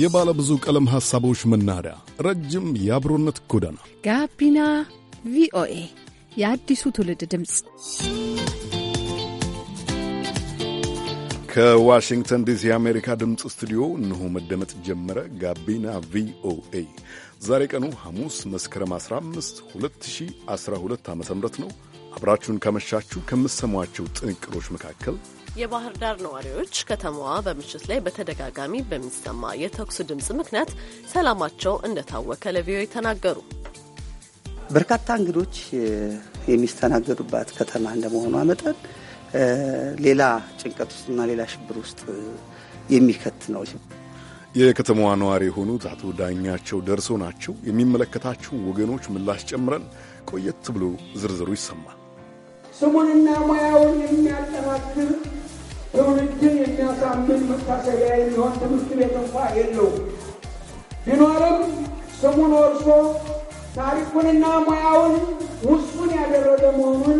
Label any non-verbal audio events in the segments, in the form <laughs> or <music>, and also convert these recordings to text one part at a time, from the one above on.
የባለ ብዙ ቀለም ሐሳቦች መናኸሪያ፣ ረጅም የአብሮነት ጎዳና ጋቢና ቪኦኤ የአዲሱ ትውልድ ድምፅ ከዋሽንግተን ዲሲ የአሜሪካ ድምፅ ስቱዲዮ እነሆ መደመጥ ጀመረ። ጋቢና ቪኦኤ ዛሬ ቀኑ ሐሙስ መስከረም 15 2012 ዓ ም ነው። አብራችሁን ከመሻችሁ ከምትሰሟቸው ጥንቅሮች መካከል የባህር ዳር ነዋሪዎች ከተማዋ በምሽት ላይ በተደጋጋሚ በሚሰማ የተኩስ ድምፅ ምክንያት ሰላማቸው እንደታወከ ለቪኦኤ ተናገሩ። በርካታ እንግዶች የሚስተናገዱባት ከተማ እንደመሆኗ መጠን ሌላ ጭንቀት ውስጥና ሌላ ሽብር ውስጥ የሚከት ነው። የከተማዋ ነዋሪ የሆኑት አቶ ዳኛቸው ደርሶ ናቸው። የሚመለከታቸው ወገኖች ምላሽ ጨምረን ቆየት ብሎ ዝርዝሩ ይሰማል። ስሙንና ሙያውን የሚያጠናክር ትውልድን የሚያሳምን መታሰቢያ የሚሆን ትምህርት ቤት እንኳ የለው ቢኖርም ስሙን ወርሶ ታሪኩንና ሙያውን ውሱን ያደረገ መሆኑን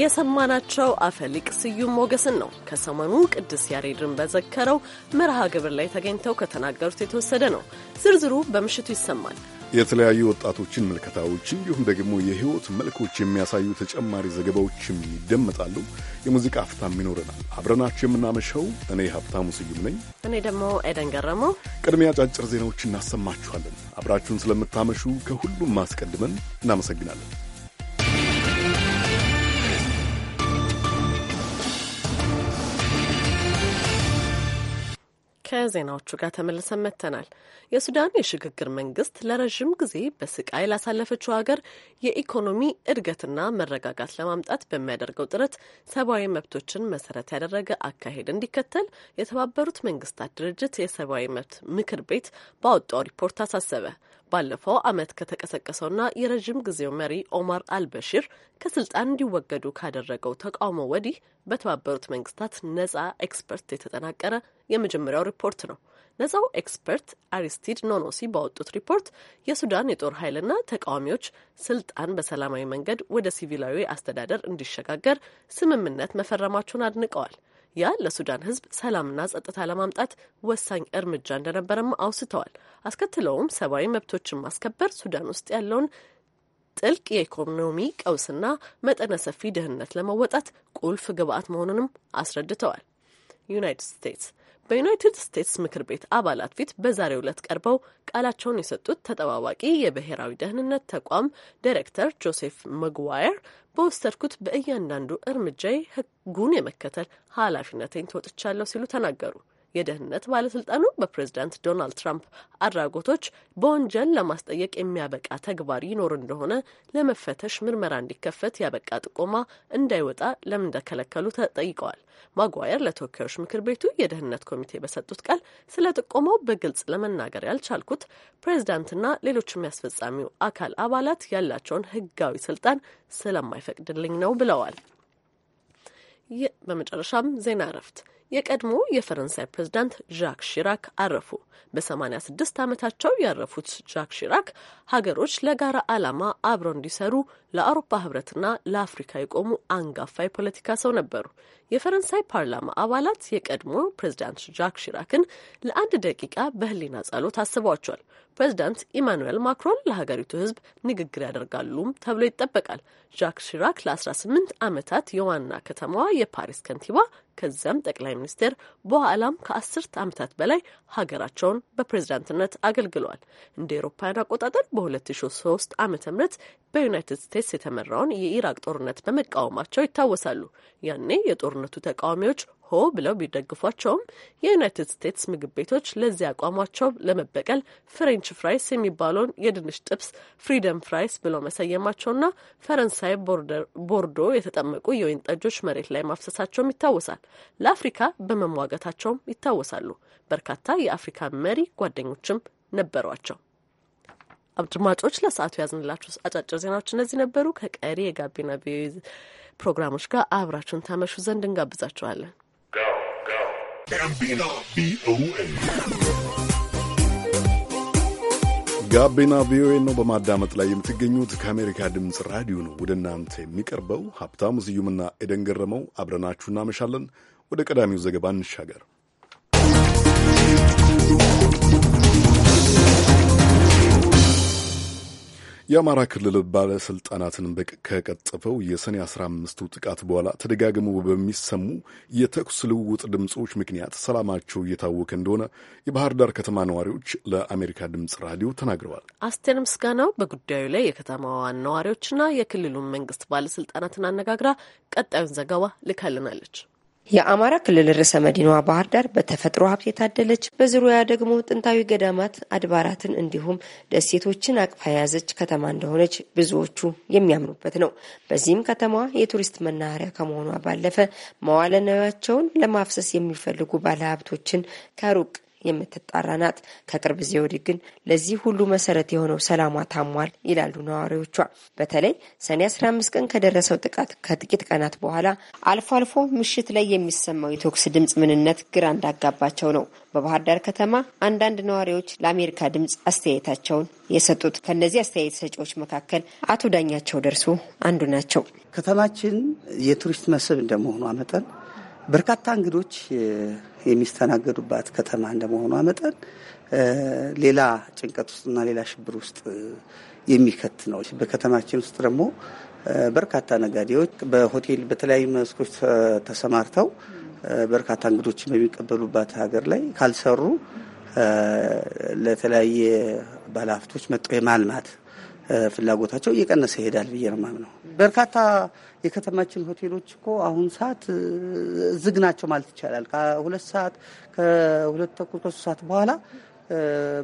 የሰማናቸው አፈሊቅ ስዩም ሞገስን ነው። ከሰሞኑ ቅዱስ ያሬድን በዘከረው መርሃ ግብር ላይ ተገኝተው ከተናገሩት የተወሰደ ነው። ዝርዝሩ በምሽቱ ይሰማል። የተለያዩ ወጣቶችን ምልከታዎች እንዲሁም ደግሞ የሕይወት መልኮች የሚያሳዩ ተጨማሪ ዘገባዎችም ይደመጣሉ። የሙዚቃ አፍታም ይኖረናል። አብረናችሁ የምናመሸው እኔ ሀብታሙ ስዩም ነኝ። እኔ ደግሞ ኤደን ገረመው። ቅድሚያ አጫጭር ዜናዎች እናሰማችኋለን። አብራችሁን ስለምታመሹ ከሁሉም አስቀድመን እናመሰግናለን። ከዜናዎቹ ጋር ተመልሰን መጥተናል። የሱዳን የሽግግር መንግስት ለረዥም ጊዜ በስቃይ ላሳለፈችው ሀገር የኢኮኖሚ እድገትና መረጋጋት ለማምጣት በሚያደርገው ጥረት ሰብአዊ መብቶችን መሰረት ያደረገ አካሄድ እንዲከተል የተባበሩት መንግስታት ድርጅት የሰብአዊ መብት ምክር ቤት ባወጣው ሪፖርት አሳሰበ። ባለፈው ዓመት ከተቀሰቀሰውና የረዥም ጊዜው መሪ ኦማር አልበሽር ከስልጣን እንዲወገዱ ካደረገው ተቃውሞ ወዲህ በተባበሩት መንግስታት ነጻ ኤክስፐርት የተጠናቀረ የመጀመሪያው ሪፖርት ነው። ነጻው ኤክስፐርት አሪስቲድ ኖኖሲ ባወጡት ሪፖርት የሱዳን የጦር ኃይልና ተቃዋሚዎች ስልጣን በሰላማዊ መንገድ ወደ ሲቪላዊ አስተዳደር እንዲሸጋገር ስምምነት መፈረማቸውን አድንቀዋል። ያ ለሱዳን ህዝብ ሰላምና ጸጥታ ለማምጣት ወሳኝ እርምጃ እንደነበረም አውስተዋል። አስከትለውም ሰብአዊ መብቶችን ማስከበር ሱዳን ውስጥ ያለውን ጥልቅ የኢኮኖሚ ቀውስና መጠነ ሰፊ ድህነት ለመወጣት ቁልፍ ግብአት መሆኑንም አስረድተዋል። ዩናይትድ ስቴትስ በዩናይትድ ስቴትስ ምክር ቤት አባላት ፊት በዛሬው ዕለት ቀርበው ቃላቸውን የሰጡት ተጠባባቂ የብሔራዊ ደህንነት ተቋም ዳይሬክተር ጆሴፍ መግዋየር በወሰድኩት በእያንዳንዱ እርምጃዬ ሕጉን የመከተል ኃላፊነቴን ተወጥቻለሁ ሲሉ ተናገሩ። የደህንነት ባለስልጣኑ በፕሬዝዳንት ዶናልድ ትራምፕ አድራጎቶች በወንጀል ለማስጠየቅ የሚያበቃ ተግባር ይኖር እንደሆነ ለመፈተሽ ምርመራ እንዲከፈት ያበቃ ጥቆማ እንዳይወጣ ለምን እንደከለከሉ ተጠይቀዋል። ማጓየር ለተወካዮች ምክር ቤቱ የደህንነት ኮሚቴ በሰጡት ቃል ስለ ጥቆማው በግልጽ ለመናገር ያልቻልኩት ፕሬዝዳንትና ሌሎች የሚያስፈጻሚው አካል አባላት ያላቸውን ህጋዊ ስልጣን ስለማይፈቅድልኝ ነው ብለዋል። በመጨረሻም ዜና እረፍት የቀድሞ የፈረንሳይ ፕሬዝዳንት ዣክ ሺራክ አረፉ። በ86 ዓመታቸው ያረፉት ዣክ ሺራክ ሀገሮች ለጋራ ዓላማ አብረው እንዲሰሩ ለአውሮፓ ህብረትና ለአፍሪካ የቆሙ አንጋፋ የፖለቲካ ሰው ነበሩ። የፈረንሳይ ፓርላማ አባላት የቀድሞ ፕሬዝዳንት ዣክ ሺራክን ለአንድ ደቂቃ በህሊና ጸሎት አስበዋቸዋል። ፕሬዚዳንት ኢማኑኤል ማክሮን ለሀገሪቱ ህዝብ ንግግር ያደርጋሉም ተብሎ ይጠበቃል። ዣክ ሺራክ ለ18 ዓመታት የዋና ከተማዋ የፓሪስ ከንቲባ ከዚያም ጠቅላይ ሚኒስቴር በኋላም ከአስርት ዓመታት በላይ ሀገራቸውን በፕሬዝዳንትነት አገልግለዋል። እንደ ኤሮፓውያን አቆጣጠር በ2003 ዓ ም በዩናይትድ ስቴትስ የተመራውን የኢራቅ ጦርነት በመቃወማቸው ይታወሳሉ። ያኔ የጦርነቱ ተቃዋሚዎች ሆ ብለው ቢደግፏቸውም የዩናይትድ ስቴትስ ምግብ ቤቶች ለዚህ አቋማቸው ለመበቀል ፍሬንች ፍራይስ የሚባለውን የድንች ጥብስ ፍሪደም ፍራይስ ብለው መሰየማቸውና ፈረንሳይ ቦርዶ የተጠመቁ የወይን ጠጆች መሬት ላይ ማፍሰሳቸውም ይታወሳል። ለአፍሪካ በመሟገታቸውም ይታወሳሉ። በርካታ የአፍሪካ መሪ ጓደኞችም ነበሯቸው። አድማጮች ለሰዓቱ ያዝንላችሁ አጫጭር ዜናዎች እነዚህ ነበሩ። ከቀሪ የጋቢና ቪኦኤ ፕሮግራሞች ጋር አብራችሁን ታመሹ ዘንድ እንጋብዛችኋለን። ጋቢና ቪኦኤ ጋቢና ቪኦኤ ነው በማዳመጥ ላይ የምትገኙት። ከአሜሪካ ድምፅ ራዲዮ ነው ወደ እናንተ የሚቀርበው። ሀብታሙ ስዩምና ኤደን ገረመው አብረናችሁ እናመሻለን። ወደ ቀዳሚው ዘገባ እንሻገር። የአማራ ክልል ባለስልጣናትን ከቀጠፈው የሰኔ 15ቱ ጥቃት በኋላ ተደጋግሞ በሚሰሙ የተኩስ ልውውጥ ድምፆች ምክንያት ሰላማቸው እየታወከ እንደሆነ የባህር ዳር ከተማ ነዋሪዎች ለአሜሪካ ድምፅ ራዲዮ ተናግረዋል። አስቴር ምስጋናው በጉዳዩ ላይ የከተማዋን ነዋሪዎችና የክልሉን መንግስት ባለስልጣናትን አነጋግራ ቀጣዩን ዘገባ ልካልናለች። የአማራ ክልል ርዕሰ መዲናዋ ባህር ዳር በተፈጥሮ ሀብት የታደለች በዙሪያዋ ደግሞ ጥንታዊ ገዳማት፣ አድባራትን እንዲሁም ደሴቶችን አቅፋ የያዘች ከተማ እንደሆነች ብዙዎቹ የሚያምኑበት ነው። በዚህም ከተማዋ የቱሪስት መናኸሪያ ከመሆኗ ባለፈ መዋለ ንዋያቸውን ለማፍሰስ የሚፈልጉ ባለሀብቶችን ከሩቅ የምትጣራ ናት። ከቅርብ ጊዜ ወዲህ ግን ለዚህ ሁሉ መሰረት የሆነው ሰላሟ ታሟል ይላሉ ነዋሪዎቿ። በተለይ ሰኔ 15 ቀን ከደረሰው ጥቃት ከጥቂት ቀናት በኋላ አልፎ አልፎ ምሽት ላይ የሚሰማው የተኩስ ድምፅ ምንነት ግራ እንዳጋባቸው ነው በባህር ዳር ከተማ አንዳንድ ነዋሪዎች ለአሜሪካ ድምፅ አስተያየታቸውን የሰጡት። ከእነዚህ አስተያየት ሰጪዎች መካከል አቶ ዳኛቸው ደርሶ አንዱ ናቸው። ከተማችን የቱሪስት መስህብ እንደመሆኗ መጠን በርካታ እንግዶች የሚስተናገዱባት ከተማ እንደመሆኗ መጠን ሌላ ጭንቀት ውስጥና ሌላ ሽብር ውስጥ የሚከት ነው። በከተማችን ውስጥ ደግሞ በርካታ ነጋዴዎች በሆቴል በተለያዩ መስኮች ተሰማርተው በርካታ እንግዶችን በሚቀበሉባት ሀገር ላይ ካልሰሩ ለተለያየ ባለሀብቶች መጥቶ የማልማት ፍላጎታቸው እየቀነሰ ይሄዳል ብዬ ነው የማምነው። በርካታ የከተማችን ሆቴሎች እኮ አሁን ሰዓት ዝግ ናቸው ማለት ይቻላል። ከሁለት ሰዓት ከሁለት ተኩል ከሶስት ሰዓት በኋላ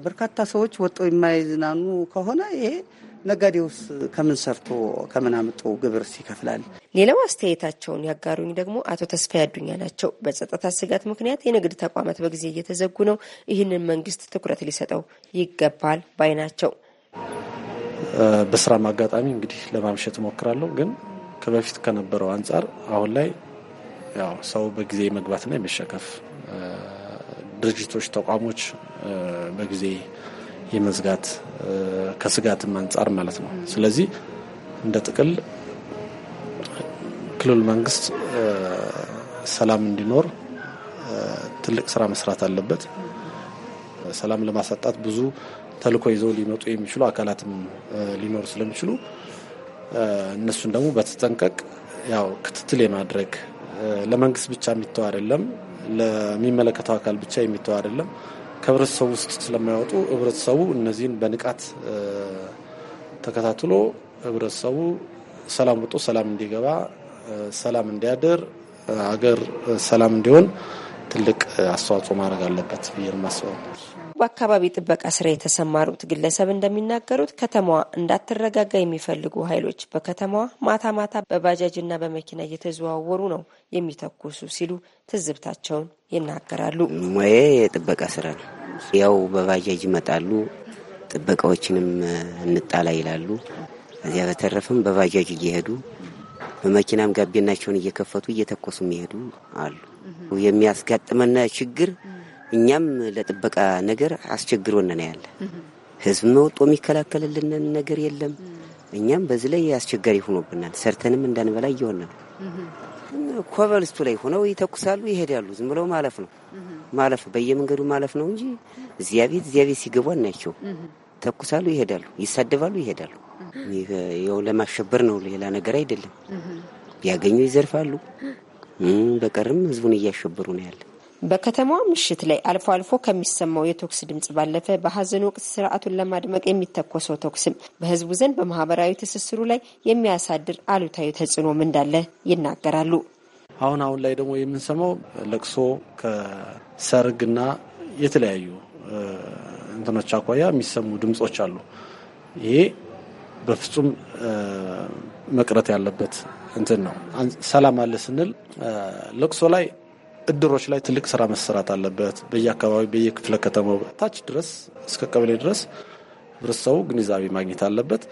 በርካታ ሰዎች ወጥተው የማይዝናኑ ከሆነ ይሄ ነጋዴውስ ከምን ሰርቶ ከምን አምጦ ግብር ይከፍላል? ሌላው አስተያየታቸውን ያጋሩኝ ደግሞ አቶ ተስፋ ያዱኛ ናቸው። በጸጥታ ስጋት ምክንያት የንግድ ተቋማት በጊዜ እየተዘጉ ነው። ይህንን መንግስት ትኩረት ሊሰጠው ይገባል ባይ ናቸው። በስራም አጋጣሚ እንግዲህ ለማምሸት እሞክራለሁ። ግን ከበፊት ከነበረው አንጻር አሁን ላይ ያው ሰው በጊዜ መግባትና የመሸከፍ ድርጅቶች፣ ተቋሞች በጊዜ የመዝጋት ከስጋትም አንጻር ማለት ነው። ስለዚህ እንደ ጥቅል ክልል መንግስት ሰላም እንዲኖር ትልቅ ስራ መስራት አለበት። ሰላም ለማሳጣት ብዙ ተልእኮ ይዘው ሊመጡ የሚችሉ አካላትም ሊኖሩ ስለሚችሉ እነሱን ደግሞ በተጠንቀቅ ያው ክትትል የማድረግ ለመንግስት ብቻ የሚተው አይደለም፣ ለሚመለከተው አካል ብቻ የሚተው አይደለም። ከህብረተሰቡ ውስጥ ስለማይወጡ ህብረተሰቡ እነዚህን በንቃት ተከታትሎ ህብረተሰቡ ሰላም ወጦ ሰላም እንዲገባ፣ ሰላም እንዲያደር፣ ሀገር ሰላም እንዲሆን ትልቅ አስተዋጽኦ ማድረግ አለበት ብዬ ማስበው። በአካባቢ ጥበቃ ስራ የተሰማሩት ግለሰብ እንደሚናገሩት ከተማዋ እንዳትረጋጋ የሚፈልጉ ኃይሎች በከተማዋ ማታ ማታ በባጃጅና በመኪና እየተዘዋወሩ ነው የሚተኩሱ ሲሉ ትዝብታቸውን ይናገራሉ። ሙዬ የጥበቃ ስራ ነው። ያው በባጃጅ ይመጣሉ፣ ጥበቃዎችንም እንጣላ ይላሉ። እዚያ በተረፈም በባጃጅ እየሄዱ በመኪናም ጋቢናቸውን እየከፈቱ እየተኮሱ የሚሄዱ አሉ። የሚያስጋጥመን ችግር እኛም ለጥበቃ ነገር አስቸግሮን ነው ያለ። ህዝብ መውጦ የሚከላከልልን ነገር የለም። እኛም በዚህ ላይ አስቸጋሪ ሆኖብናል። ሰርተንም እንዳንበላ እየሆነ ነው። ኮበልስቱ ላይ ሆነው ይተኩሳሉ፣ ይሄዳሉ። ዝም ብለው ማለፍ ነው ማለፍ በየመንገዱ ማለፍ ነው እንጂ እዚያ ቤት እዚያ ቤት ሲገቡ ተኩሳሉ፣ ይሄዳሉ፣ ይሳደባሉ፣ ይሄዳሉ። ይኸው ለማሸበር ነው፣ ሌላ ነገር አይደለም። ቢያገኙ ይዘርፋሉ። በቀርም ህዝቡን እያሸበሩ ነው ያለ በከተማዋ ምሽት ላይ አልፎ አልፎ ከሚሰማው የተኩስ ድምጽ ባለፈ በሀዘን ወቅት ስርዓቱን ለማድመቅ የሚተኮሰው ተኩስም በህዝቡ ዘንድ በማህበራዊ ትስስሩ ላይ የሚያሳድር አሉታዊ ተጽዕኖም እንዳለ ይናገራሉ። አሁን አሁን ላይ ደግሞ የምንሰማው ለቅሶ ከሰርግና የተለያዩ እንትኖች አኳያ የሚሰሙ ድምጾች አሉ። ይሄ በፍጹም መቅረት ያለበት እንትን ነው። ሰላም አለ ስንል ለቅሶ ላይ እድሮች ላይ ትልቅ ስራ መሰራት አለበት። በየአካባቢ በየክፍለ ከተማው ታች ድረስ እስከ ቀበሌ ድረስ ህብረተሰቡ ግንዛቤ ማግኘት አለበት።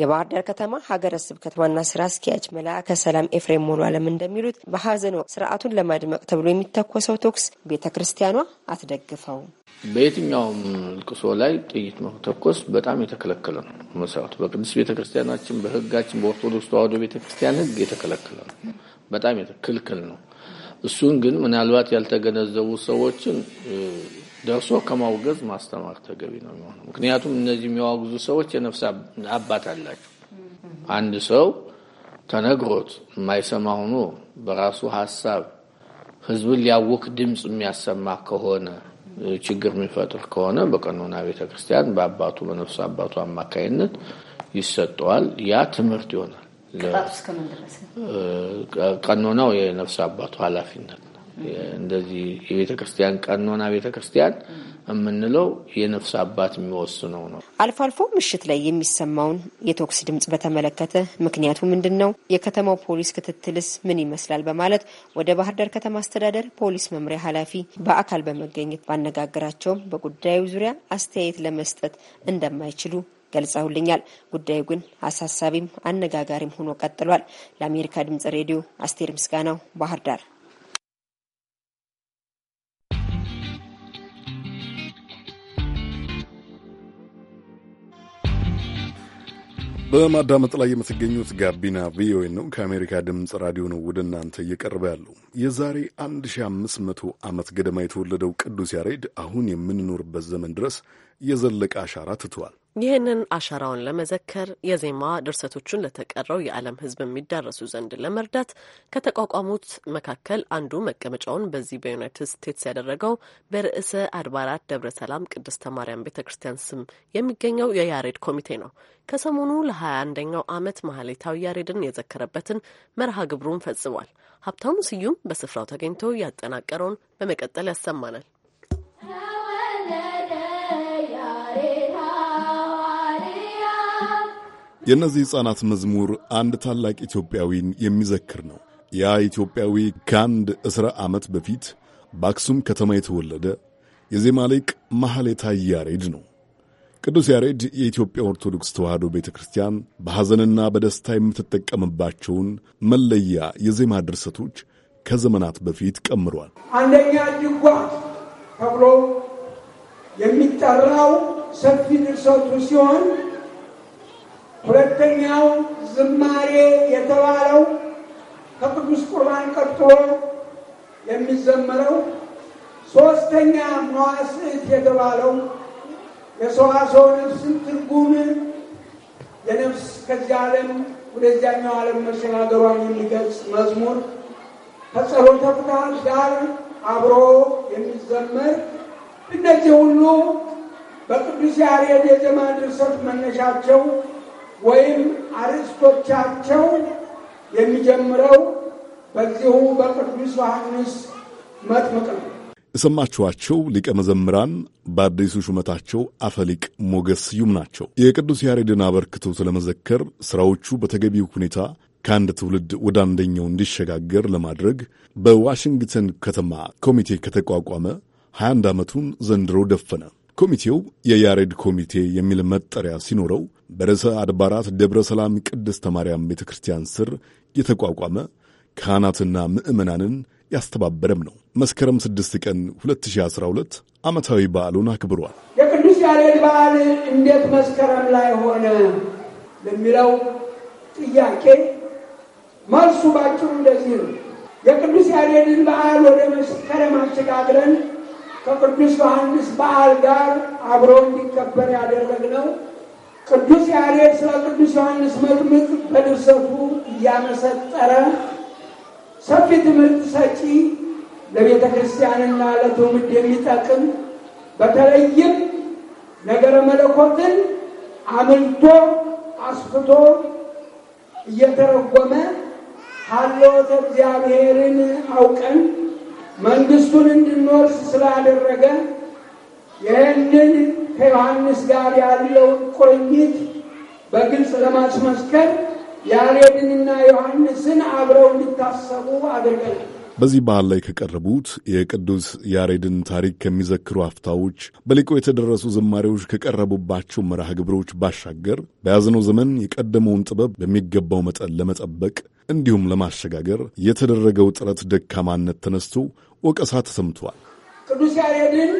የባህር ዳር ከተማ ሀገረ ስብከት ዋና ስራ አስኪያጅ መልአከ ሰላም ኤፍሬም ሙሉ አለም እንደሚሉት በሀዘን ወቅት ስርዓቱን ለማድመቅ ተብሎ የሚተኮሰው ተኩስ ቤተ ክርስቲያኗ አትደግፈውም። በየትኛውም ልቅሶ ላይ ጥይት መተኮስ በጣም የተከለከለ ነው። መሰረቱ በቅዱስ ቤተ ክርስቲያናችን፣ በህጋችን፣ በኦርቶዶክስ ተዋህዶ ቤተ ክርስቲያን ህግ የተከለከለ ነው። በጣም ክልክል ነው። እሱን ግን ምናልባት ያልተገነዘቡ ሰዎችን ደርሶ ከማውገዝ ማስተማር ተገቢ ነው የሚሆነው። ምክንያቱም እነዚህ የሚያዋግዙ ሰዎች የነፍስ አባት አላቸው። አንድ ሰው ተነግሮት የማይሰማ ሆኖ በራሱ ሀሳብ ህዝብን ሊያውክ ድምፅ የሚያሰማ ከሆነ ችግር የሚፈጥር ከሆነ በቀኖና ቤተ ክርስቲያን በአባቱ በነፍስ አባቱ አማካይነት ይሰጠዋል። ያ ትምህርት ይሆናል። ቀኖናው የነፍስ አባቱ ኃላፊነት ነው። እንደዚህ የቤተ ክርስቲያን ቀኖና ቤተ ክርስቲያን የምንለው የነፍስ አባት የሚወስነው ነው። አልፎ አልፎ ምሽት ላይ የሚሰማውን የቶክስ ድምጽ በተመለከተ ምክንያቱ ምንድን ነው? የከተማው ፖሊስ ክትትልስ ምን ይመስላል? በማለት ወደ ባህር ዳር ከተማ አስተዳደር ፖሊስ መምሪያ ኃላፊ በአካል በመገኘት ባነጋገራቸውም በጉዳዩ ዙሪያ አስተያየት ለመስጠት እንደማይችሉ ገልጸውልኛል። ጉዳዩ ግን አሳሳቢም አነጋጋሪም ሆኖ ቀጥሏል። ለአሜሪካ ድምጽ ሬዲዮ አስቴር ምስጋናው ባህር ዳር። በማዳመጥ ላይ የምትገኙት ጋቢና ቪኦኤ ነው። ከአሜሪካ ድምፅ ራዲዮ ነው ወደ እናንተ እየቀረበ ያለው። የዛሬ 1500 ዓመት ገደማ የተወለደው ቅዱስ ያሬድ አሁን የምንኖርበት ዘመን ድረስ የዘለቀ አሻራ ትቷል። ይህንን አሻራውን ለመዘከር የዜማ ድርሰቶቹን ለተቀረው የዓለም ሕዝብ የሚዳረሱ ዘንድ ለመርዳት ከተቋቋሙት መካከል አንዱ መቀመጫውን በዚህ በዩናይትድ ስቴትስ ያደረገው በርዕሰ አድባራት ደብረ ሰላም ቅድስተ ማርያም ቤተ ክርስቲያን ስም የሚገኘው የያሬድ ኮሚቴ ነው። ከሰሞኑ ለሀያ አንደኛው ዓመት ማህሌታዊ ያሬድን የዘከረበትን መርሃ ግብሩን ፈጽሟል። ሀብታሙ ስዩም በስፍራው ተገኝቶ ያጠናቀረውን በመቀጠል ያሰማናል። የእነዚህ ሕፃናት መዝሙር አንድ ታላቅ ኢትዮጵያዊን የሚዘክር ነው። ያ ኢትዮጵያዊ ከአንድ እስረ ዓመት በፊት በአክሱም ከተማ የተወለደ የዜማ ሊቅ ማኅሌታ ያሬድ ነው። ቅዱስ ያሬድ የኢትዮጵያ ኦርቶዶክስ ተዋሕዶ ቤተ ክርስቲያን በሐዘንና በደስታ የምትጠቀምባቸውን መለያ የዜማ ድርሰቶች ከዘመናት በፊት ቀምሯል። አንደኛ ድጓ ተብሎ የሚጠራው ሰፊ ድርሰቱ ሲሆን ሁለተኛው ዝማሬ የተባለው ከቅዱስ ቁርባን ቀጥሎ የሚዘመረው፣ ሶስተኛ መዋሥዕት የተባለው የሰዋሰው ነፍስን ትርጉም የነፍስ ከዚህ ዓለም ወደዚያኛው ዓለም መሸጋገሯን የሚገልጽ መዝሙር ከጸሎተ ፍትሐት ጋር አብሮ የሚዘመር እነዚህ ሁሉ በቅዱስ ያሬድ የዜማ ድርሰት መነሻቸው ወይም አርዕስቶቻቸው የሚጀምረው በዚሁ በቅዱስ ዮሐንስ መጥምቅ ነው። የሰማችኋቸው ሊቀ መዘምራን በአዲሱ ሹመታቸው አፈሊቅ ሞገስ ስዩም ናቸው። የቅዱስ ያሬድን አበርክቶ ስለመዘከር ሥራዎቹ በተገቢው ሁኔታ ከአንድ ትውልድ ወደ አንደኛው እንዲሸጋገር ለማድረግ በዋሽንግተን ከተማ ኮሚቴ ከተቋቋመ 21 ዓመቱን ዘንድሮ ደፈነ። ኮሚቴው የያሬድ ኮሚቴ የሚል መጠሪያ ሲኖረው በርዕሰ አድባራት ደብረ ሰላም ቅድስተ ማርያም ቤተ ክርስቲያን ስር የተቋቋመ ካህናትና ምዕመናንን ያስተባበረም ነው። መስከረም 6 ቀን 2012 ዓመታዊ በዓሉን አክብሯል። የቅዱስ ያሬድ በዓል እንዴት መስከረም ላይ ሆነ ለሚለው ጥያቄ መልሱ ባጭሩ እንደዚህ ነው። የቅዱስ ያሬድን በዓል ወደ መስከረም አሸጋግረን ከቅዱስ ዮሐንስ በዓል ጋር አብሮ እንዲከበር ያደረግነው ቅዱስ ያሬድ ስለ ቅዱስ ዮሐንስ መጥምቅ በድርሰቱ እያመሰጠረ ሰፊ ትምህርት ሰጪ ለቤተ ክርስቲያንና ለትውልድ የሚጠቅም በተለይም ነገረ መለኮትን አምልቶ አስፍቶ እየተረጎመ ሀልዎተ እግዚአብሔርን አውቀን መንግስቱን እንድንወርስ ስላደረገ ይህንን ከዮሐንስ ጋር ያለውን ቆይት በግልጽ ለማስመስከር ያሬድንና ዮሐንስን አብረው እንዲታሰቡ አድርገናል። በዚህ በዓል ላይ ከቀረቡት የቅዱስ ያሬድን ታሪክ ከሚዘክሩ አፍታዎች በሊቆ የተደረሱ ዝማሬዎች ከቀረቡባቸው መርሃ ግብሮች ባሻገር በያዝነው ዘመን የቀደመውን ጥበብ በሚገባው መጠን ለመጠበቅ እንዲሁም ለማሸጋገር የተደረገው ጥረት ደካማነት ተነስቶ ወቀሳ ተሰምቷል። ቅዱስ ያሬድን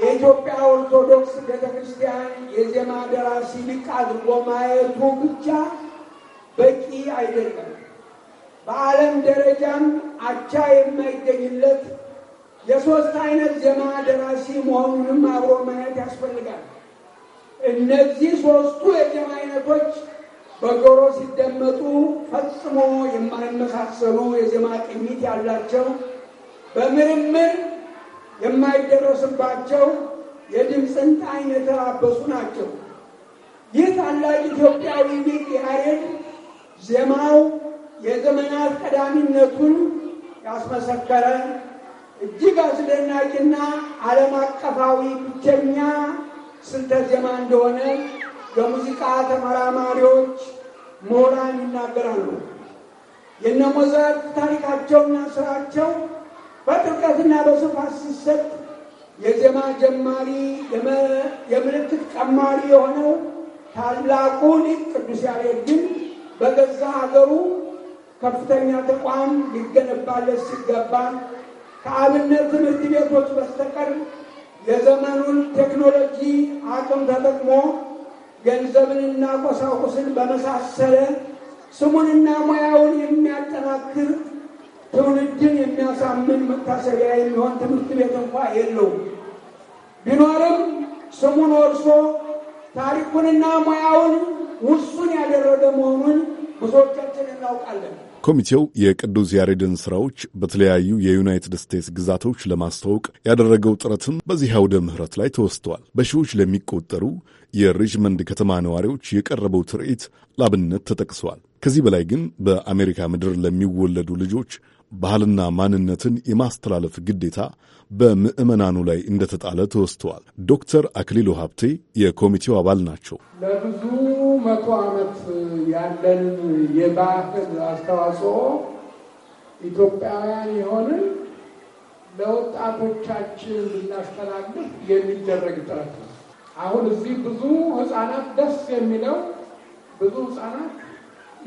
የኢትዮጵያ ኦርቶዶክስ ቤተክርስቲያን የዜማ ደራሲ ሊቅ አድርጎ ማየቱ ብቻ በቂ አይደለም። በዓለም ደረጃም አቻ የማይገኝለት የሶስት አይነት ዜማ ደራሲ መሆኑንም አብሮ ማየት ያስፈልጋል። እነዚህ ሶስቱ የዜማ አይነቶች በጆሮ ሲደመጡ ፈጽሞ የማይመሳሰሉ የዜማ ቅኝት ያላቸው በምርምር የማይደረስባቸው የድምፅን ጣይን የተላበሱ ናቸው። ይህ ታላቅ ኢትዮጵያዊ ሊቅ ያሬድ ዜማው የዘመናት ቀዳሚነቱን ያስመሰከረ እጅግ አስደናቂና ዓለም አቀፋዊ ብቸኛ ስልተ ዜማ እንደሆነ የሙዚቃ ተመራማሪዎች፣ ምሁራን ይናገራሉ። የነ ሞዛርት ታሪካቸውና ስራቸው በጥምቀትና በስፋት ሲሰጥ የዜማ ጀማሪ የምልክት ቀማሪ የሆነው ታላቁ ሊቅ ቅዱስ ያሬድ ግን በገዛ ሀገሩ ከፍተኛ ተቋም ሊገነባለት ሲገባ ከአብነት ትምህርት ቤቶች በስተቀር የዘመኑን ቴክኖሎጂ አቅም ተጠቅሞ ገንዘብንና ቁሳቁስን በመሳሰለ ስሙንና ሙያውን የሚያጠናክር ትውልድን የሚያሳምን መታሰቢያ የሚሆን ትምህርት ቤት እንኳ የለውም። ቢኖርም ስሙን ወርሶ ታሪኩንና ሙያውን ውሱን ያደረገ መሆኑን ብዙዎቻችን እናውቃለን። ኮሚቴው የቅዱስ ያሬድን ስራዎች በተለያዩ የዩናይትድ ስቴትስ ግዛቶች ለማስተዋወቅ ያደረገው ጥረትም በዚህ አውደ ምህረት ላይ ተወስተዋል። በሺዎች ለሚቆጠሩ የሪችመንድ ከተማ ነዋሪዎች የቀረበው ትርኢት ላብነት ተጠቅሰዋል። ከዚህ በላይ ግን በአሜሪካ ምድር ለሚወለዱ ልጆች ባህልና ማንነትን የማስተላለፍ ግዴታ በምዕመናኑ ላይ እንደተጣለ ተወስተዋል። ዶክተር አክሊሉ ሀብቴ የኮሚቴው አባል ናቸው። ለብዙ መቶ ዓመት ያለን የባህል አስተዋጽኦ ኢትዮጵያውያን የሆንን ለወጣቶቻችን ልናስተላልፍ የሚደረግ ጥረት ነው። አሁን እዚህ ብዙ ህፃናት ደስ የሚለው ብዙ ህፃናት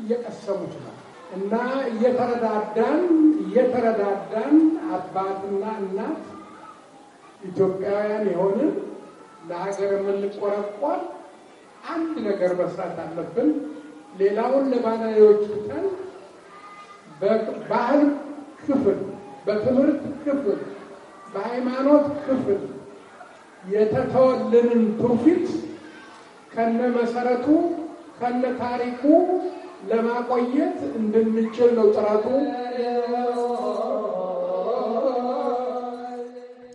እየቀሰሙት ነው እና እየተረዳዳን እየተረዳዳን አባትና እናት ኢትዮጵያውያን የሆንን ለሀገር የምንቆረቋል አንድ ነገር መስራት አለብን። ሌላውን ለባናዎች ትተን በባህል ክፍል፣ በትምህርት ክፍል፣ በሃይማኖት ክፍል የተተወልንን ትውፊት ከነ መሰረቱ ከነ ታሪኩ ለማቆየት እንድንችል ነው ጥረቱ።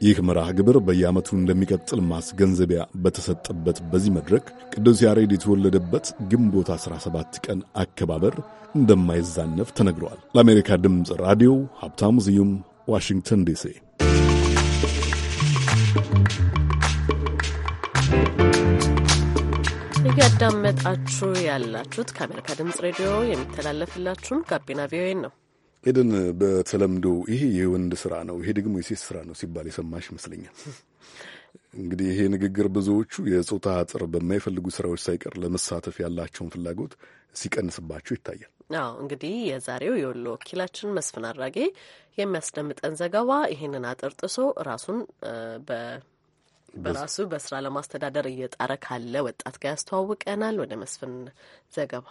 ይህ መርሃ ግብር በየዓመቱ እንደሚቀጥል ማስገንዘቢያ በተሰጠበት በዚህ መድረክ ቅዱስ ያሬድ የተወለደበት ግንቦት 17 ቀን አከባበር እንደማይዛነፍ ተነግሯል። ለአሜሪካ ድምፅ ራዲዮ ሀብታሙ ስዩም ዋሽንግተን ዲሲ። እያዳመጣችሁ ያላችሁት ከአሜሪካ ድምጽ ሬዲዮ የሚተላለፍላችሁን ጋቢና ቪኦኤ ነው። ኤደን፣ በተለምዶ ይሄ የወንድ ስራ ነው፣ ይሄ ደግሞ የሴት ስራ ነው ሲባል የሰማሽ ይመስለኛል። እንግዲህ ይሄ ንግግር ብዙዎቹ የጾታ አጥር በማይፈልጉ ስራዎች ሳይቀር ለመሳተፍ ያላቸውን ፍላጎት ሲቀንስባቸው ይታያል። አዎ እንግዲህ የዛሬው የወሎ ወኪላችን መስፍን አድራጌ የሚያስደምጠን ዘገባ ይህንን አጥር ጥሶ ራሱን በራሱ በስራ ለማስተዳደር እየጣረ ካለ ወጣት ጋር ያስተዋውቀናል። ወደ መስፍን ዘገባ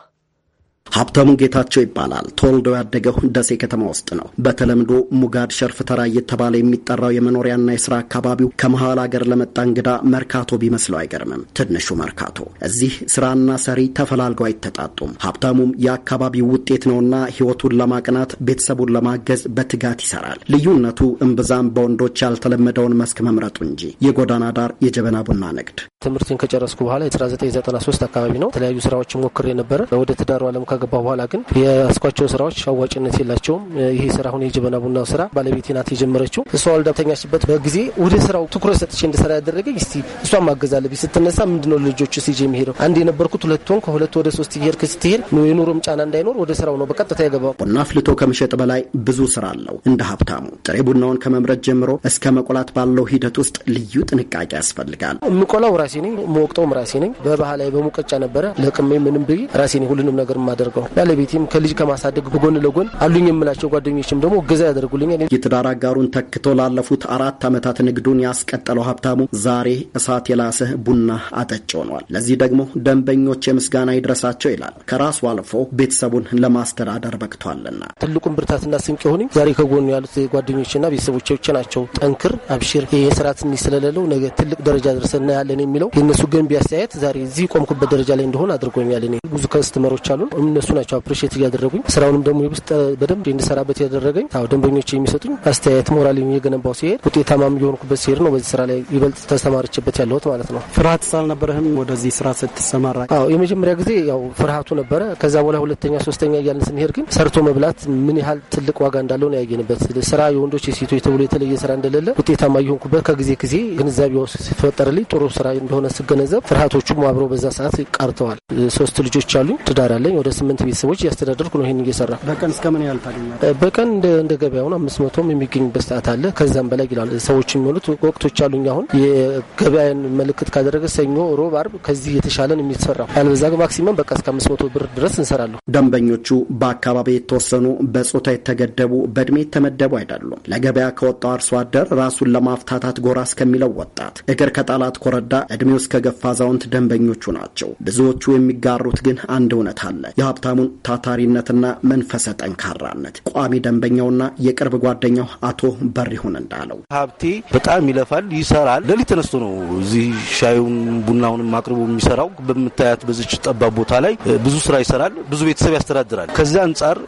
ሀብታሙ ጌታቸው ይባላል። ተወልዶ ያደገው ደሴ ከተማ ውስጥ ነው። በተለምዶ ሙጋድ ሸርፍ ተራ እየተባለ የሚጠራው የመኖሪያና የስራ አካባቢው ከመሀል አገር ለመጣ እንግዳ መርካቶ ቢመስለው አይገርምም። ትንሹ መርካቶ። እዚህ ስራና ሰሪ ተፈላልገው አይተጣጡም። ሀብታሙም የአካባቢው ውጤት ነውና ህይወቱን ለማቅናት ቤተሰቡን ለማገዝ በትጋት ይሰራል። ልዩነቱ እምብዛም በወንዶች ያልተለመደውን መስክ መምረጡ እንጂ የጎዳና ዳር የጀበና ቡና ንግድ። ትምህርቴን ከጨረስኩ በኋላ የ1993 አካባቢ ነው የተለያዩ ስራዎችን ሞክሬ ነበረ ወደ ትዳሩ አለም ከገባ በኋላ ግን የያዝኳቸው ስራዎች አዋጭነት የላቸውም። ይሄ ስራ አሁን የጀበና ቡና ስራ ባለቤቴ ናት የጀመረችው። እሷ ወልዳ ተኛችበት በጊዜ ወደ ስራው ትኩረት ሰጥቼ እንድሰራ ያደረገ ስ እሷ ማገዝ ስትነሳ ምንድነው ልጆች ሲጄ የሚሄደው አንድ የነበርኩት ሁለት ሆን ከሁለት ወደ ሶስት እየሄድክ ስትሄድ የኑሮም ጫና እንዳይኖር ወደ ስራው ነው በቀጥታ የገባው። ቡና አፍልቶ ከመሸጥ በላይ ብዙ ስራ አለው። እንደ ሀብታሙ ጥሬ ቡናውን ከመምረት ጀምሮ እስከ መቆላት ባለው ሂደት ውስጥ ልዩ ጥንቃቄ ያስፈልጋል። የምቆላው ራሴ ነኝ፣ መወቅጠውም ራሴ ነኝ። በባህላዊ በሙቀጫ ነበረ ለቅሜ ምንም ብዬ ራሴ ነኝ ሁሉንም ነገር የማደርገው። ባለቤቴም ከልጅ ከማሳደግ ጎን ለጎን አሉኝ የምላቸው ጓደኞችም ደግሞ እገዛ ያደርጉልኛል። የትዳር አጋሩን ተክቶ ላለፉት አራት ዓመታት ንግዱን ያስቀጠለው ሀብታሙ ዛሬ እሳት የላሰ ቡና አጠጭ ሆኗል። ለዚህ ደግሞ ደንበኞች የምስጋና ይድረሳቸው ይላል። ከራሱ አልፎ ቤተሰቡን ለማስተዳደር በቅቷልና ትልቁን ብርታትና ስንቅ የሆኑኝ ዛሬ ከጎኑ ያሉት ጓደኞችና ቤተሰቦች ናቸው። ጠንክር አብሽር፣ የስራ ትንሽ ስለሌለው ነገ ትልቅ ደረጃ ደርሰና እናያለን የሚለው የእነሱ ገንቢ አስተያየት ዛሬ እዚህ ቆምኩበት ደረጃ ላይ እንደሆን አድርጎኛል። እኔ ብዙ ከስተመሮች አሉ እነሱ ናቸው አፕሪሼት እያደረጉኝ ስራውንም ደግሞ ውስጥ በደንብ እንድሰራበት ያደረገኝ ደንበኞች የሚሰጡኝ አስተያየት ሞራል የገነባው ሲሄድ ውጤታማም የሆንኩበት ሲሄድ ነው። በዚህ ስራ ላይ ይበልጥ ተሰማርችበት ያለሁት ማለት ነው። ፍርሃት ሳልነበረህም ወደዚህ ስራ ስትሰማራ? አዎ የመጀመሪያ ጊዜ ያው ፍርሃቱ ነበረ። ከዛ በኋላ ሁለተኛ ሶስተኛ እያልን ስንሄድ ግን ሰርቶ መብላት ምን ያህል ትልቅ ዋጋ ነው ያየንበት ስራ የወንዶች የሴቶች ተብሎ የተለየ ስራ እንደሌለ ውጤታማ የሆንኩበት ከጊዜ ጊዜ ግንዛቤ ሲፈጠርልኝ ጥሩ ስራ እንደሆነ ስገነዘብ ፍርሃቶቹም አብረው በዛ ሰዓት ቀርተዋል። ሶስት ልጆች አሉኝ፣ ትዳር አለኝ። ወደ ስምንት ቤተሰቦች እያስተዳደርኩ ነው ይሄን እየሰራ በቀን እስከ ምን ያህል ታገኛለህ? በቀን እንደ ገበያውን አምስት የሚገኝበት ሰዓት አለ ከዛም በላይ ይላል። ሰዎች የሚሆኑት ወቅቶች አሉኝ። አሁን የገበያን ምልክት ካደረገ ሰኞ፣ ሮብ፣ አርብ ከዚህ የተሻለን የሚሰራው ያልበዛ ማክሲመም በቃ እስከ 500 መቶ ብር ድረስ እንሰራለሁ። ደንበኞቹ በአካባቢ የተወሰኑ በጾታ የተገደቡ በእድሜ የተመደቡ አይደሉም። ለገበያ ከወጣው አርሶ አደር ራሱን ለማፍታታት ጎራ እስከሚለው ወጣት እግር ከጣላት ኮረዳ እድሜው እስከገፋ አዛውንት ደንበኞቹ ናቸው። ብዙዎቹ የሚጋሩት ግን አንድ እውነት አለ። ሀብታሙን ታታሪነትና መንፈሰ ጠንካራነት ቋሚ ደንበኛውና የቅርብ ጓደኛው አቶ በሪሁን እንዳለው ሀብቴ በጣም ይለፋል፣ ይሰራል። ሌሊት ተነስቶ ነው እዚህ ሻዩን ቡናውንም አቅርቦ የሚሰራው። በምታያት በዚች ጠባብ ቦታ ላይ ብዙ ስራ ይሰራል፣ ብዙ ቤተሰብ ያስተዳድራል። ከዚህ አንጻር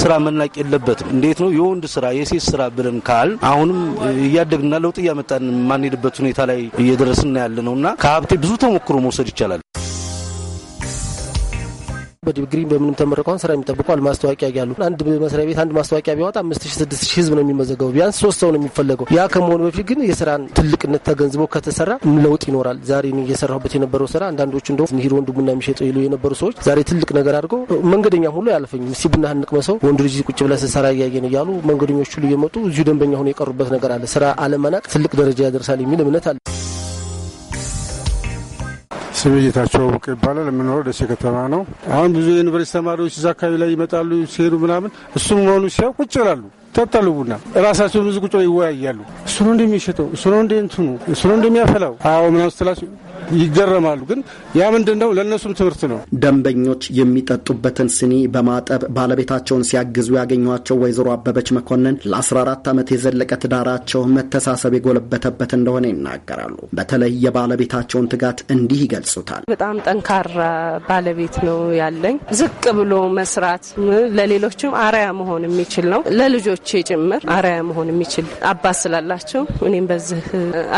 ስራ መናቅ የለበትም። እንዴት ነው የወንድ ስራ የሴት ስራ ብለን ካል አሁንም እያደግና ለውጥ እያመጣን የማንሄድበት ሁኔታ ላይ እየደረስና ያለ ነው እና ከሀብቴ ብዙ ተሞክሮ መውሰድ ይቻላል። በዲግሪ በምንም ተመረቀውን ስራ የሚጠብቁ አሉ። ማስታወቂያ ያሉ አንድ መስሪያ ቤት አንድ ማስታወቂያ ቢያወጣ አምስት ሺ ስድስት ሺ ህዝብ ነው የሚመዘገበው። ቢያንስ ሶስት ሰው ነው የሚፈለገው። ያ ከመሆኑ በፊት ግን የስራን ትልቅነት ተገንዝቦ ከተሰራ ለውጥ ይኖራል። ዛሬ እየሰራሁበት የነበረው ስራ አንዳንዶቹ እንደ ሂድ ወንዱ ቡና የሚሸጡ ይሉ የነበሩ ሰዎች ዛሬ ትልቅ ነገር አድርገው መንገደኛ ሁሉ ያለፈኝ እስኪ ቡና ህንቅመ ሰው ወንዱ ልጅ ቁጭ ብለን ስንሰራ እያየን እያሉ መንገደኞች ሁሉ እየመጡ እዚሁ ደንበኛ ሆኖ የቀሩበት ነገር አለ። ስራ አለመናቅ ትልቅ ደረጃ ያደርሳል የሚል እምነት አለ። ስሜ ጌታቸው ብቅ ይባላል። የምኖረው ደሴ ከተማ ነው። አሁን ብዙ የዩኒቨርሲቲ ተማሪዎች እዛ አካባቢ ላይ ይመጣሉ ሲሄዱ ምናምን እሱም መሆኑ ሲያው ቁጭ ይላሉ ይጠጣሉ ቡና ራሳቸውን ብዙ ቁጭ ይወያያሉ። እሱ ነው እንደሚሸጠው፣ እሱ ነው እንደንትኑ፣ እሱ ነው እንደሚያፈላው አዎ ምናምን ስትላቸው ይገረማሉ። ግን ያ ምንድን ነው ለእነሱም ትምህርት ነው። ደንበኞች የሚጠጡበትን ስኒ በማጠብ ባለቤታቸውን ሲያግዙ ያገኟቸው ወይዘሮ አበበች መኮንን ለ14 ዓመት የዘለቀ ትዳራቸው መተሳሰብ የጎለበተበት እንደሆነ ይናገራሉ። በተለይ የባለቤታቸውን ትጋት እንዲህ ይገልጹታል። በጣም ጠንካራ ባለቤት ነው ያለኝ። ዝቅ ብሎ መስራት ለሌሎችም አርያ መሆን የሚችል ነው። ለልጆቼ ጭምር አርያ መሆን የሚችል አባት ስላላቸው እኔም በዚህ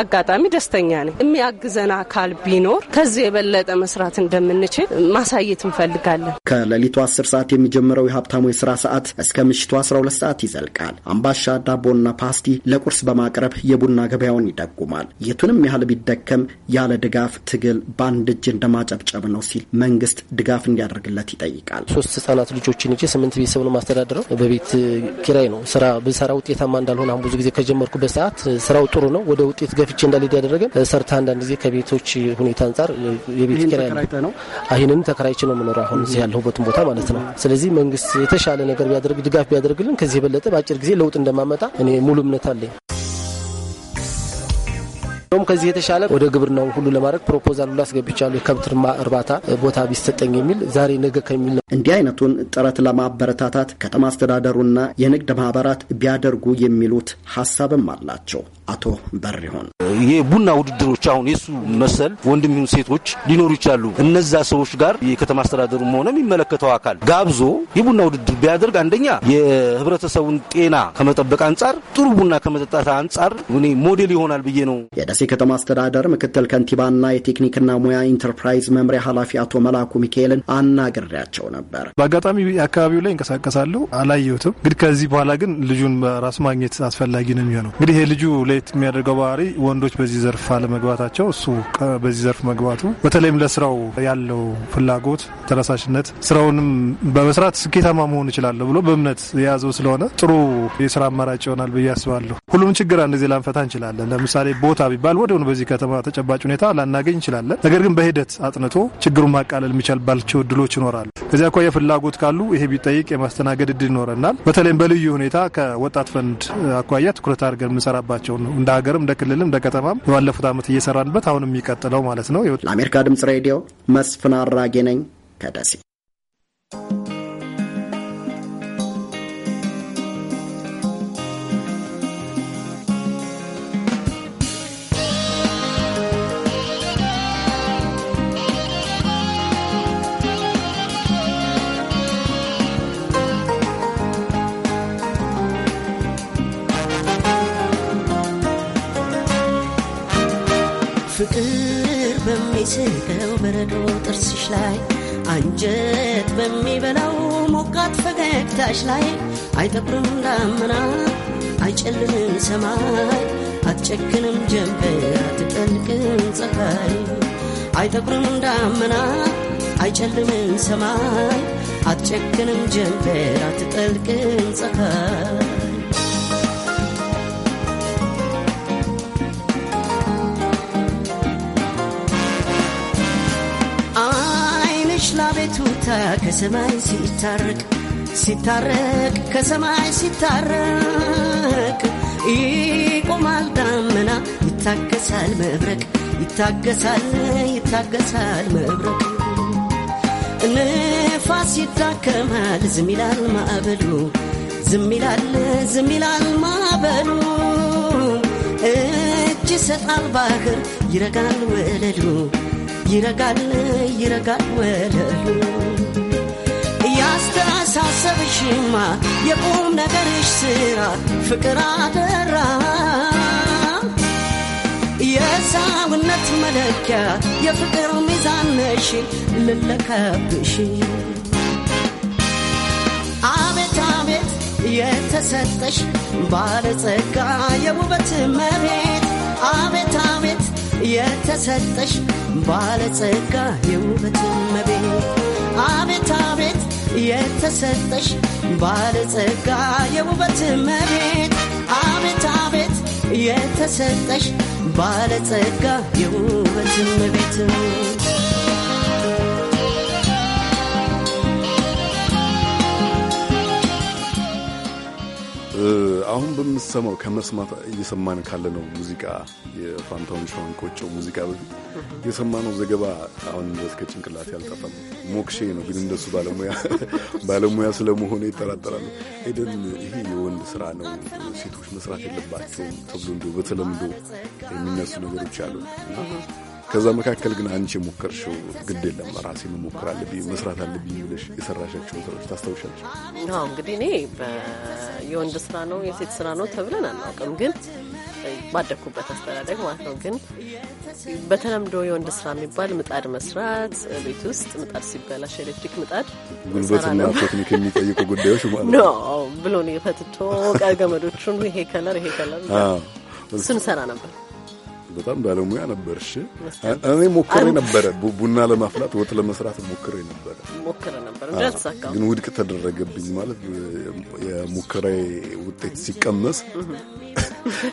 አጋጣሚ ደስተኛ ነኝ። የሚያግዘን አካል ሞራል ቢኖር ከዚህ የበለጠ መስራት እንደምንችል ማሳየት እንፈልጋለን። ከሌሊቱ አስር ሰዓት የሚጀምረው የሀብታሙ የስራ ሰዓት እስከ ምሽቱ 12 ሰዓት ይዘልቃል። አምባሻ ዳቦና ፓስቲ ለቁርስ በማቅረብ የቡና ገበያውን ይደጉማል። የቱንም ያህል ቢደከም ያለ ድጋፍ ትግል በአንድ እጅ እንደማጨብጨብ ነው ሲል መንግስት ድጋፍ እንዲያደርግለት ይጠይቃል። ሶስት ህጻናት ልጆችን እ ስምንት ቤተሰብ ነው ማስተዳድረው። በቤት ኪራይ ነው ስራ ብሰራ ውጤታማ እንዳልሆነ አሁን ብዙ ጊዜ ከጀመርኩበት ሰዓት ስራው ጥሩ ነው፣ ወደ ውጤት ገፍቼ እንዳልሄድ ያደረገን ሰርታ አንዳንድ ጊዜ ከቤቶች ሁኔታ አንጻር የቤት ኪራይ ነው። ይህንን ተከራይች ነው የምኖረው አሁን እዚህ ያለሁበትን ቦታ ማለት ነው። ስለዚህ መንግስት የተሻለ ነገር ቢያደርግ ድጋፍ ቢያደርግልን ከዚህ የበለጠ በአጭር ጊዜ ለውጥ እንደማመጣ እኔ ሙሉ እምነት አለኝ። ም ከዚህ የተሻለ ወደ ግብርናው ሁሉ ለማድረግ ፕሮፖዛል ሁሉ አስገብቻለሁ። የከብት እርባታ ቦታ ቢሰጠኝ የሚል ዛሬ ነገ ከሚል ነው። እንዲህ አይነቱን ጥረት ለማበረታታት ከተማ አስተዳደሩና የንግድ ማህበራት ቢያደርጉ የሚሉት ሀሳብም አላቸው። አቶ በሪሆን ቡና ውድድሮች አሁን የሱ መሰል ወንድም ይሁን ሴቶች ሊኖሩ ይችላሉ። እነዛ ሰዎች ጋር የከተማ አስተዳደሩም ሆነ የሚመለከተው አካል ጋብዞ የቡና ውድድር ቢያደርግ አንደኛ የህብረተሰቡን ጤና ከመጠበቅ አንጻር ጥሩ ቡና ከመጠጣት አንጻር እኔ ሞዴል ይሆናል ብዬ ነው። የደሴ ከተማ አስተዳደር ምክትል ከንቲባና የቴክኒክና ሙያ ኢንተርፕራይዝ መምሪያ ኃላፊ አቶ መላኩ ሚካኤልን አናግሬያቸው ነበር። በአጋጣሚ አካባቢው ላይ እንቀሳቀሳለሁ፣ አላየሁትም። እንግዲህ ከዚህ በኋላ ግን ልጁን በራሱ ማግኘት አስፈላጊ ነው የሚሆነው። እንግዲህ ይሄ ልጁ ለየት የሚያደርገው ባህሪ ወንዶች በዚህ ዘርፍ አለመግባታቸው፣ እሱ በዚህ ዘርፍ መግባቱ፣ በተለይም ለስራው ያለው ፍላጎት፣ ተነሳሽነት ስራውንም በመስራት ስኬታማ መሆን እችላለሁ ብሎ በእምነት የያዘው ስለሆነ ጥሩ የስራ አማራጭ ይሆናል ብዬ አስባለሁ። ሁሉም ችግር አንድ ጊዜ ላንፈታ እንችላለን። ለምሳሌ ቦታ ቢባል ሲባል ወደሆኑ በዚህ ከተማ ተጨባጭ ሁኔታ ላናገኝ እንችላለን። ነገር ግን በሂደት አጥንቶ ችግሩን ማቃለል የሚቻልባቸው እድሎች ይኖራሉ። ከዚያ አኳያ ፍላጎት ካሉ ይሄ ቢጠይቅ የማስተናገድ እድል ይኖረናል። በተለይም በልዩ ሁኔታ ከወጣት ፈንድ አኳያ ትኩረት አድርገን የምንሰራባቸው ነው። እንደ ሀገርም እንደ ክልልም እንደ ከተማም የባለፉት ዓመት እየሰራንበት አሁን የሚቀጥለው ማለት ነው። ለአሜሪካ ድምጽ ሬዲዮ መስፍን አራጌ ነኝ ከደሴ። ፍቅር በሚስቀው በረዶ ጥርስሽ ላይ አንጀት በሚበላው ሞቃት ፈገግታሽ ላይ አይጠቁርም ዳመና አይጨልምም ሰማይ አትጨክንም ጀንበር አትጠልቅም ፀሐይ አይጠቁርም ዳመና አይጨልምም ሰማይ አትጨክንም ጀንበር አትጠልቅም ፀሐይ ቤቱታ ከሰማይ ሲታረቅ ሲታረቅ ከሰማይ ሲታረቅ ይቆማል ዳመና ይታገሳል መብረቅ ይታገሳል ይታገሳል መብረቅ ነፋስ ይዳከማል ዝም ይላል ማዕበሉ ዝም ይላል ዝም ይላል ማዕበሉ እጅ ይሰጣል ባህር ይረጋል ወለሉ ይረጋል ይረጋል ወለሉ ያስተሳሰብሽማ የቁም ነገርሽ ስራ ፍቅር አደራ የሰውነት መለኪያ የፍቅር ሚዛን ነሽ ልለከብሽ አቤት አቤት የተሰጠሽ ባለጸጋ የውበት መሬት አቤት አቤት የተሰጠሽ ባለጸጋ የውበት መቤት አቤት አቤት የተሰጠሽ ባለጸጋ የውበት መቤት አቤት አቤት የተሰጠሽ ባለጸጋ የውበት መቤት አሁን በምትሰማው ከመስማት እየሰማን ካለነው ሙዚቃ የፋንታውን ቆጮ ሙዚቃ በፊት የሰማነው ዘገባ አሁን ድረስ ከጭንቅላት ያልጠፋም ሞክሼ ነው። ግን እንደሱ ባለሙያ <laughs> ስለመሆነ ይጠራጠራሉ። ኤደን፣ ይሄ የወንድ ስራ ነው፣ ሴቶች መስራት የለባቸውም ተብሎ እንዲሁ በተለምዶ የሚነሱ ነገሮች አሉ። ከዛ መካከል ግን አንቺ የሞከርሽው ግድ የለም ራሴ መሞከር አለብኝ መስራት አለብኝ ብለሽ የሰራሻቸውን ስራዎች ታስታውሻለች? አዎ እንግዲህ እኔ የወንድ ስራ ነው የሴት ስራ ነው ተብለን አናውቅም፣ ግን ባደግኩበት አስተዳደግ ማለት ነው። ግን በተለምዶ የወንድ ስራ የሚባል ምጣድ መስራት፣ ቤት ውስጥ ምጣድ ሲበላሽ ኤሌክትሪክ ምጣድ ጉልበትና ቴክኒክ የሚጠይቁ ጉዳዮች ማለት ነው ብሎን የፈትቶ ቀገመዶቹን ይሄ ከለር ይሄ ከለር ስንሰራ ነበር። በጣም ባለሙያ ነበርሽ። እኔ ሞክሬ ነበረ፣ ቡና ለማፍላት ወጥ ለመስራት ሞክሬ ነበረ ግን ውድቅ ተደረገብኝ። ማለት የሙከራ ውጤት ሲቀመስ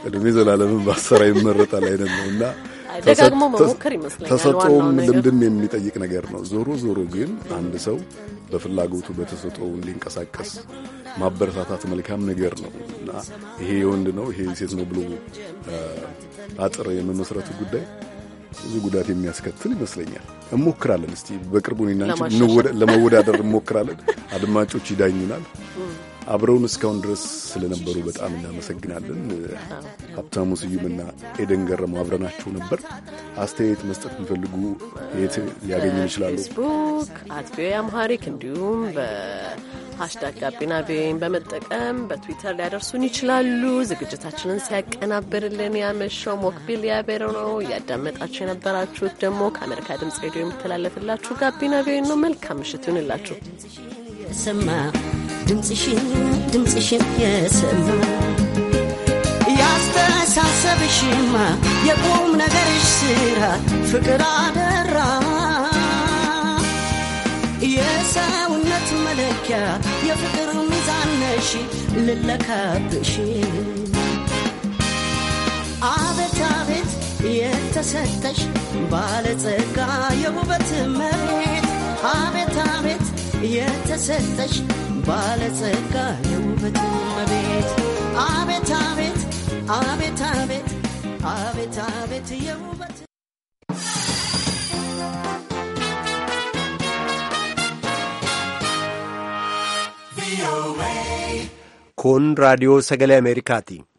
እድሜ ዘላለምን በአሰራ ይመረጣል አይነት ነው እና ደጋግሞ መሞከር ይመስለኛል። ልምድም የሚጠይቅ ነገር ነው። ዞሮ ዞሮ ግን አንድ ሰው በፍላጎቱ በተሰጦ እንዲንቀሳቀስ ማበረታታት መልካም ነገር ነው እና ይሄ የወንድ ነው ይሄ ሴት ነው ብሎ አጥር የመመስረቱ ጉዳይ ብዙ ጉዳት የሚያስከትል ይመስለኛል። እሞክራለን። እስቲ በቅርቡ እኔና አንቺ ለመወዳደር እሞክራለን። አድማጮች ይዳኙናል። አብረውን እስካሁን ድረስ ስለነበሩ በጣም እናመሰግናለን። ሀብታሙ ስዩምና ኤደን ገረመው አብረናቸው ነበር። አስተያየት መስጠት የሚፈልጉ የት ሊያገኙ ይችላሉ? ፌስቡክ አት ቪኦኤ አምሃሪክ እንዲሁም በሀሽታግ ጋቢና ቪኦኤን በመጠቀም በትዊተር ሊያደርሱን ይችላሉ። ዝግጅታችንን ሲያቀናብርልን ያመሸው ሞክቢል ያቤረው ነው። እያዳመጣችሁ የነበራችሁት ደግሞ ከአሜሪካ ድምጽ ሬዲዮ የሚተላለፍላችሁ ጋቢና ቪኦኤ ነው። መልካም ምሽት ይሁንላችሁ። ድምፅሽን ድምፅሽን የሰማ ያስተሳሰብሽማ የቁም ነገርሽ ስራ ፍቅር አደራ የሰውነት መለኪያ የፍቅር ሚዛን ነሽ ልለካብሽ አቤት አቤት የተሰጠሽ ባለጸጋ የውበት መሬት አቤት አቤት የተሰጠሽ ባለጸጋ የውበት እመቤት አቤት አቤት አቤት አቤት አቤት አቤት የውበት con Radio Sagale Americati.